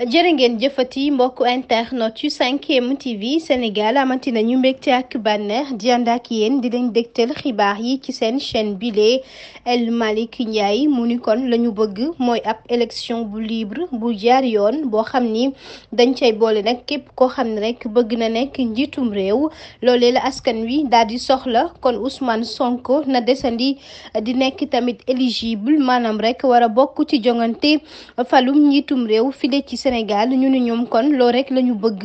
jërë ngeen jëfati mbokku internet yu 5M TV Sénégal amati nañu mbégte ak bànneex di ànd ak yéen di leen dégtal xibaar yi ci seen chaîne bile El Malick Ndiaye mu ni kon la ñu bëgg mooy ab élection bu libre bu jaar yoon boo xam ni dañ cay boole nag képp koo xam ne rek bëgg na nekk njiitum réew loolee la askan wi daal di soxla kon Ousmane Sonko na desandi di nekk tamit éligible maanaam rekk war a bokk ci jongante falum njiitum réew file ci Sénégal ñu ni ñoom kon loo rek la ñu bëgg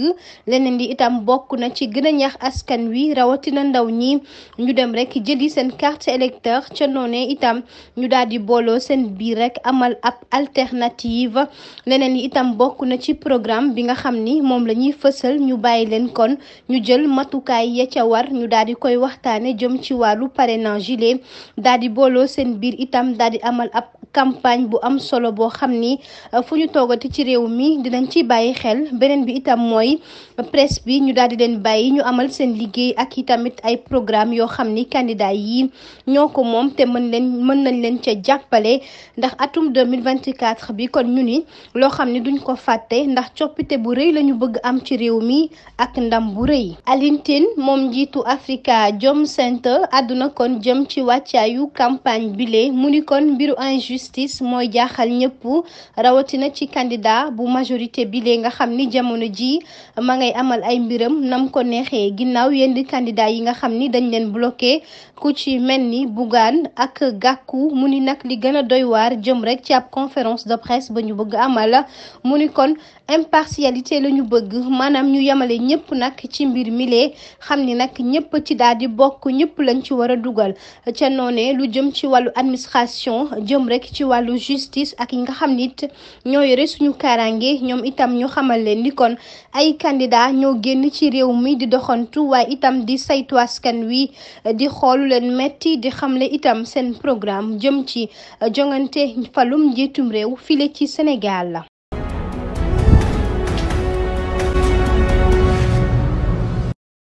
leneen li itam bokk na ci gën ñax askan wi rawatina ndaw ñi ñu dem rek jëli seen carte électeur ca noone itam ñu daal di booloo seen biir rek amal ab alternative leneen li itam bokk na ci programme bi nga xam ni moom la ñuy fësal ñu bàyyi leen kon ñu jël matukaay ya ca war ñu daal di koy waxtaane jëm ci wàllu parrainage yi daal di booloo seen biir itam daal di amal ab campagne bu am solo boo xam ni fu ñu toogati ci réew mi bi dinañ ci bàyyi xel beneen bi itam mooy presse bi ñu daal di leen bàyyi ñu amal seen liggéey ak yi tamit ay programme yoo xam ni candidat yi ñoo ko moom te mën leen mën nañ leen ca jàppale ndax atum 2024 bi kon ñu ni loo xam ni duñ ko fàtte ndax coppite bu rëy la ñu bëgg am ci réew mi ak ndam bu rëy Alioune Tine moom njiitu Africa Jom Center àdduna kon jëm ci wàccaayu campagne bile mu ni kon mbiru injustice mooy jaaxal ñëpp rawatina ci candidat bu majorité bi lee nga xam ni jamono ji ma ngay amal ay mbiram nam ko neexee ginnaaw yenn di candidat yi nga xam ni dañ leen bloqué ku ci mel ni Bougane ak gàkku mu ni nag li gën a doy waar jëm rek ci ab conférence de presse ba ñu bëgg amal mu ni kon impartialité la ñu bëgg maanaam ñu yemale ñëpp nag ci mbir milee xam ni nag ñëpp ci daal di bokk ñëpp lañ ci war a dugal ca noonee lu jëm ci wàllu administration jëm rek ci wàllu justice ak yi nga xam nit ñoo ñoom itam ñu xamal leen ni kon ay candidat ñoo génn ci réew mi di doxantu waaye itam di saytu askan wi di xoolu leen metti di xamle itam seen programme jëm ci jongante falum njiitum réew file ci Sénégal la